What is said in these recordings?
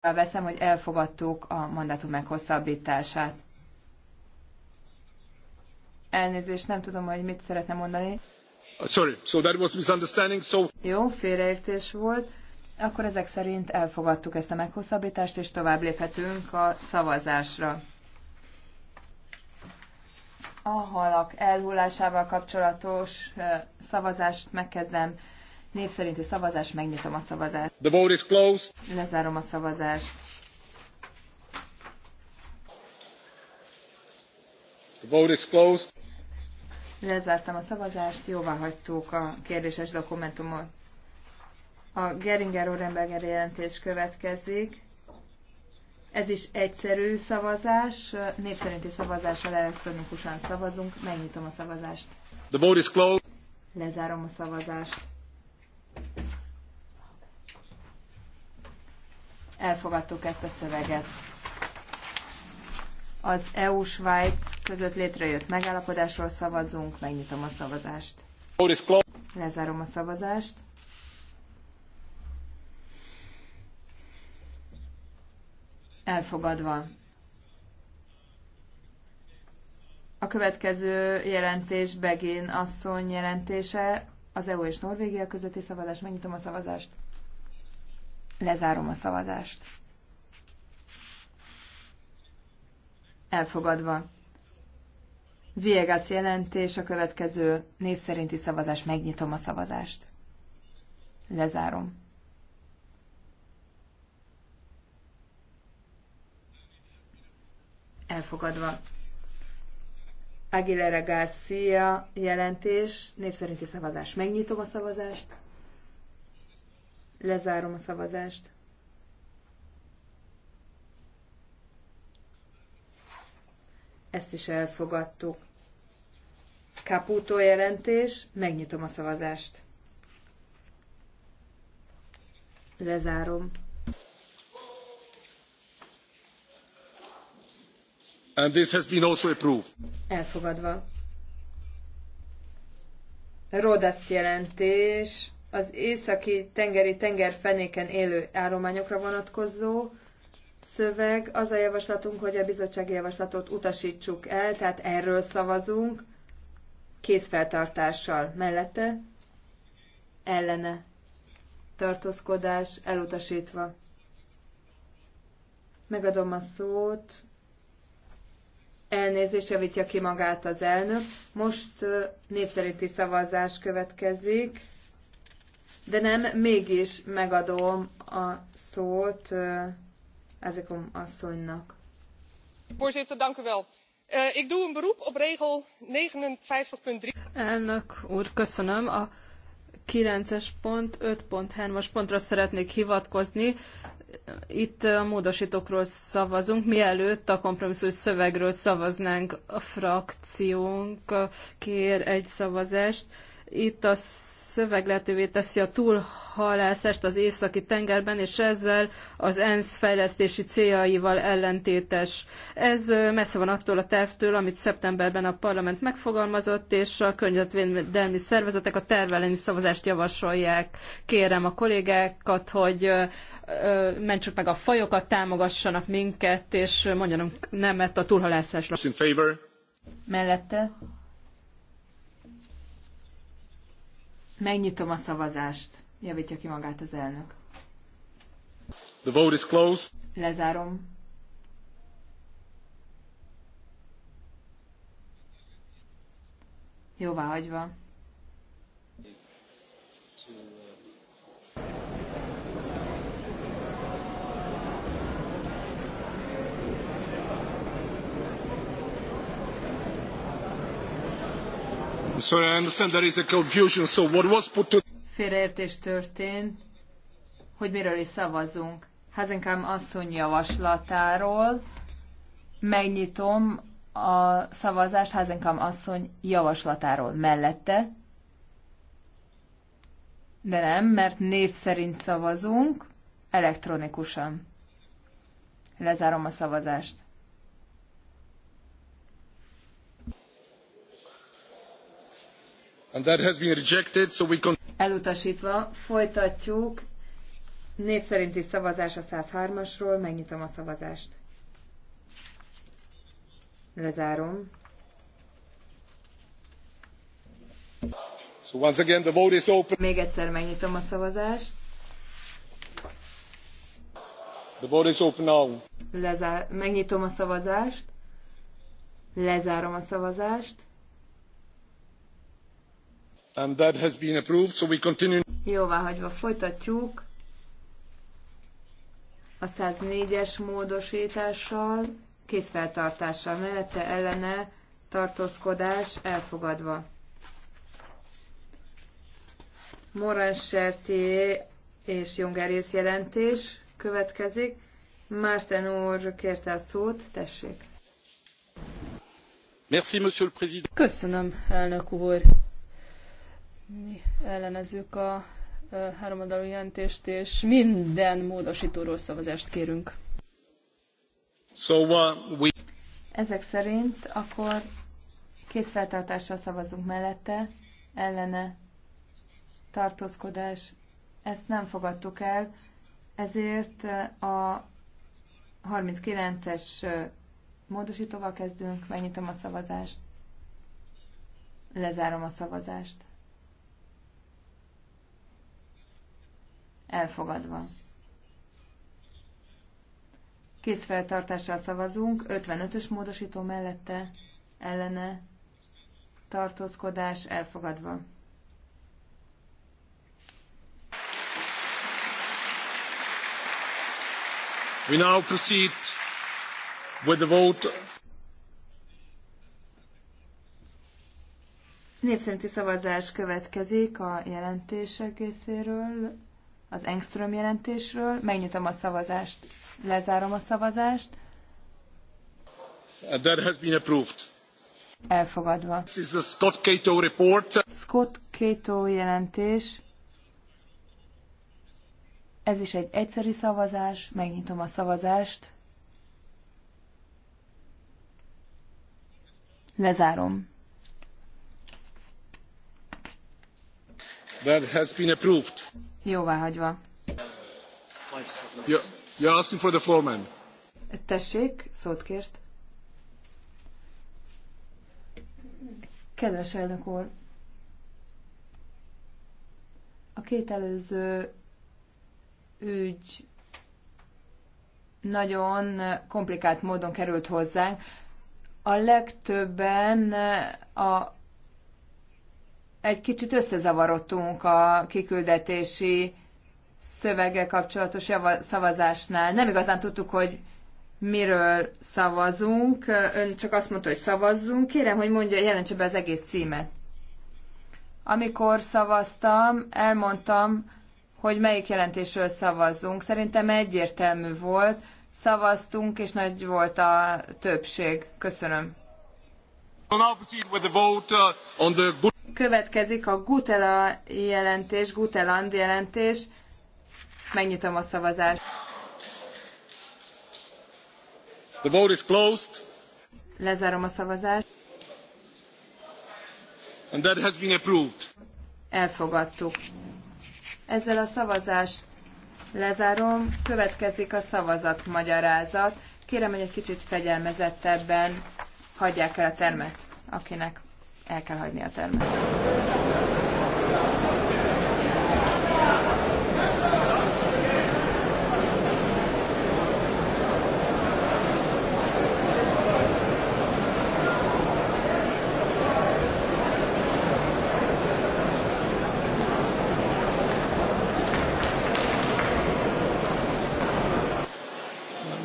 veszem, hogy elfogadtuk a mandátum meghosszabbítását. Elnézést, nem tudom, hogy mit szeretne mondani. Uh, sorry, so that was misunderstanding, so... Jó, félreértés volt. Akkor ezek szerint elfogadtuk ezt a meghosszabbítást, és tovább léphetünk a szavazásra. A halak elhullásával kapcsolatos uh, szavazást megkezdem. Név szerinti szavazás, megnyitom a szavazást. The vote is closed. Lezárom a szavazást. The vote is closed. Lezártam a szavazást, jóvá hagytuk a kérdéses dokumentumot. A Geringer Orenberger jelentés következik. Ez is egyszerű szavazás, szerinti szavazással elektronikusan szavazunk. Megnyitom a szavazást. The vote is closed. Lezárom a szavazást. elfogadtuk ezt a szöveget. Az EU-Svájc között létrejött megállapodásról szavazunk, megnyitom a szavazást. Lezárom a szavazást. Elfogadva. A következő jelentés Begin asszony jelentése az EU és Norvégia közötti szavazás. Megnyitom a szavazást. Lezárom a szavazást. Elfogadva. Viegas jelentés a következő név szerinti szavazás. Megnyitom a szavazást. Lezárom. Elfogadva. Aguilera Garcia jelentés, név szerinti szavazás. Megnyitom a szavazást. Lezárom a szavazást. Ezt is elfogadtuk. Caputo jelentés, megnyitom a szavazást. Lezárom. And this has been also approved. Elfogadva. Rodaszt jelentés, az északi tengeri tengerfenéken élő állományokra vonatkozó szöveg. Az a javaslatunk, hogy a bizottsági javaslatot utasítsuk el, tehát erről szavazunk készfeltartással mellette, ellene tartózkodás elutasítva. Megadom a szót. Elnézést javítja ki magát az elnök. Most népszerinti szavazás következik de nem, mégis megadom a szót ezek a asszonynak. Voorzitter, dank u wel. Uh, Ik doe een beroep op regel 59.3. Elnök úr, köszönöm. A 9-es pont, 5.3-as pontra szeretnék hivatkozni. Itt a módosítókról szavazunk, mielőtt a kompromisszus szövegről szavaznánk. A frakciónk kér egy szavazást itt a szöveg lehetővé teszi a túlhalászást az északi tengerben, és ezzel az ENSZ fejlesztési céljaival ellentétes. Ez messze van attól a tervtől, amit szeptemberben a parlament megfogalmazott, és a környezetvédelmi szervezetek a terveleni szavazást javasolják. Kérem a kollégákat, hogy mentsük meg a fajokat, támogassanak minket, és mondjanak nemet a túlhalászásra. Mellette Megnyitom a szavazást. Javítja ki magát az elnök. The vote is closed. Lezárom. Jóvá hagyva. Two. sorry, I understand there is a confusion. So what was put to... Félreértés történt, hogy miről is szavazunk. Házenkám asszony javaslatáról megnyitom a szavazást Házenkám asszony javaslatáról mellette. De nem, mert név szerint szavazunk elektronikusan. Lezárom a szavazást. And that has been rejected, so we can... Elutasítva folytatjuk név szerinti szavazás a 103-asról, megnyitom a szavazást. Lezárom. So once again, the vote is open. Még egyszer megnyitom a szavazást. The vote is open now. Lezár, megnyitom a szavazást. Lezárom a szavazást and that has been approved, so we continue. Jóváhagyva folytatjuk a 104-es módosítással, készfeltartással mellette ellene tartózkodás elfogadva. Morán Sertié és Jungerész jelentés következik. Márten úr kérte a szót, tessék. Merci, monsieur le président. Köszönöm, elnök úr. Mi ellenezzük a háromadalú jelentést, és minden módosítóról szavazást kérünk. So, uh, we... Ezek szerint akkor készfeltartással szavazunk mellette, ellene, tartózkodás. Ezt nem fogadtuk el, ezért a 39-es módosítóval kezdünk, megnyitom a szavazást, lezárom a szavazást. Elfogadva. Készfeltartással szavazunk, 55-ös módosító mellette, ellene, tartózkodás elfogadva. We now proceed with the vote. Népszerinti szavazás következik a jelentés egészéről az Engström jelentésről. Megnyitom a szavazást, lezárom a szavazást. And that has been approved. Elfogadva. This is the Scott Cato report. Scott Cato jelentés. Ez is egy egyszeri szavazás. Megnyitom a szavazást. Lezárom. That has been approved. Jóváhagyva. You're, you're asking for the floor, man. Tessék, szót kért. Kedves elnök úr, a két előző ügy nagyon komplikált módon került hozzánk. A legtöbben a egy kicsit összezavarodtunk a kiküldetési szöveggel kapcsolatos szavazásnál. Nem igazán tudtuk, hogy miről szavazunk. Ön csak azt mondta, hogy szavazzunk. Kérem, hogy mondja, jelentse be az egész címet. Amikor szavaztam, elmondtam, hogy melyik jelentésről szavazzunk. Szerintem egyértelmű volt. Szavaztunk, és nagy volt a többség. Köszönöm. Következik a Gutela jelentés, Guteland jelentés. Megnyitom a szavazást. The vote is closed. Lezárom a szavazást. And that has been approved. Elfogadtuk. Ezzel a szavazást lezárom. Következik a szavazat magyarázat. Kérem, hogy egy kicsit fegyelmezettebben hagyják el a termet, akinek el kell hagyni a termet.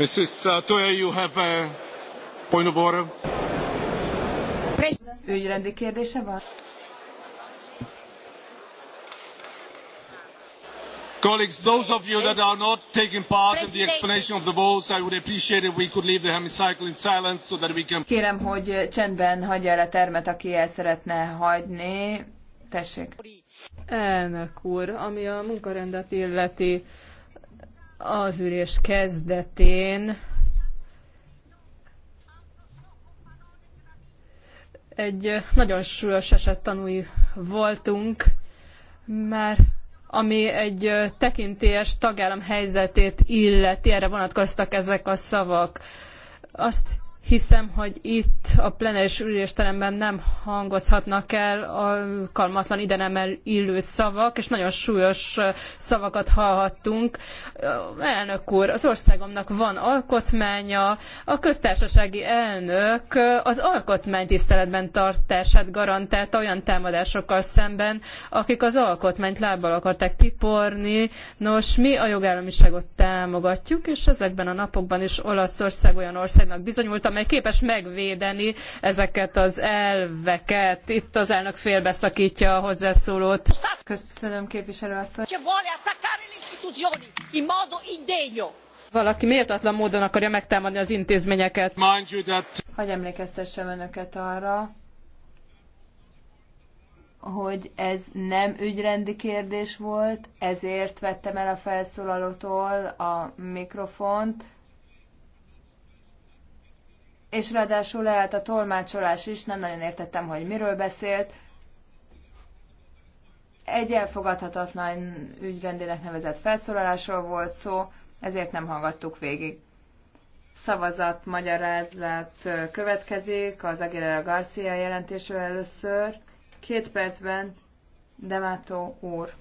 Mrs. Uh, Toya, you have a point of order ügyrendi kérdése van? Colleagues, those of you that are not taking part in the explanation of the votes, I would appreciate if we could leave the hemicycle in silence so that we can... Kérem, hogy csendben hagyja el a termet, aki el szeretne hagyni. Tessék. Elnök úr, ami a munkarendet illeti az ülés kezdetén, Egy nagyon súlyos eset tanúi voltunk, mert ami egy tekintélyes tagállam helyzetét illeti, erre vonatkoztak ezek a szavak. Azt hiszem, hogy itt a plenáris ülésteremben nem hangozhatnak el alkalmatlan ide nem illő szavak, és nagyon súlyos szavakat hallhattunk. Elnök úr, az országomnak van alkotmánya, a köztársasági elnök az alkotmány tiszteletben tartását garantálta olyan támadásokkal szemben, akik az alkotmányt lábbal akarták tiporni. Nos, mi a jogállamiságot támogatjuk, és ezekben a napokban is Olaszország olyan országnak bizonyult, amely képes megvédeni ezeket az elveket. Itt az elnök félbeszakítja a hozzászólót. Köszönöm képviselő asszony. Valaki méltatlan módon akarja megtámadni az intézményeket. Hogy emlékeztessem önöket arra, hogy ez nem ügyrendi kérdés volt, ezért vettem el a felszólalótól a mikrofont, és ráadásul leállt a tolmácsolás is, nem nagyon értettem, hogy miről beszélt. Egy elfogadhatatlan ügyrendének nevezett felszólalásról volt szó, ezért nem hallgattuk végig. Szavazat magyarázat következik az Aguilera Garcia jelentésről először. Két percben Demato úr.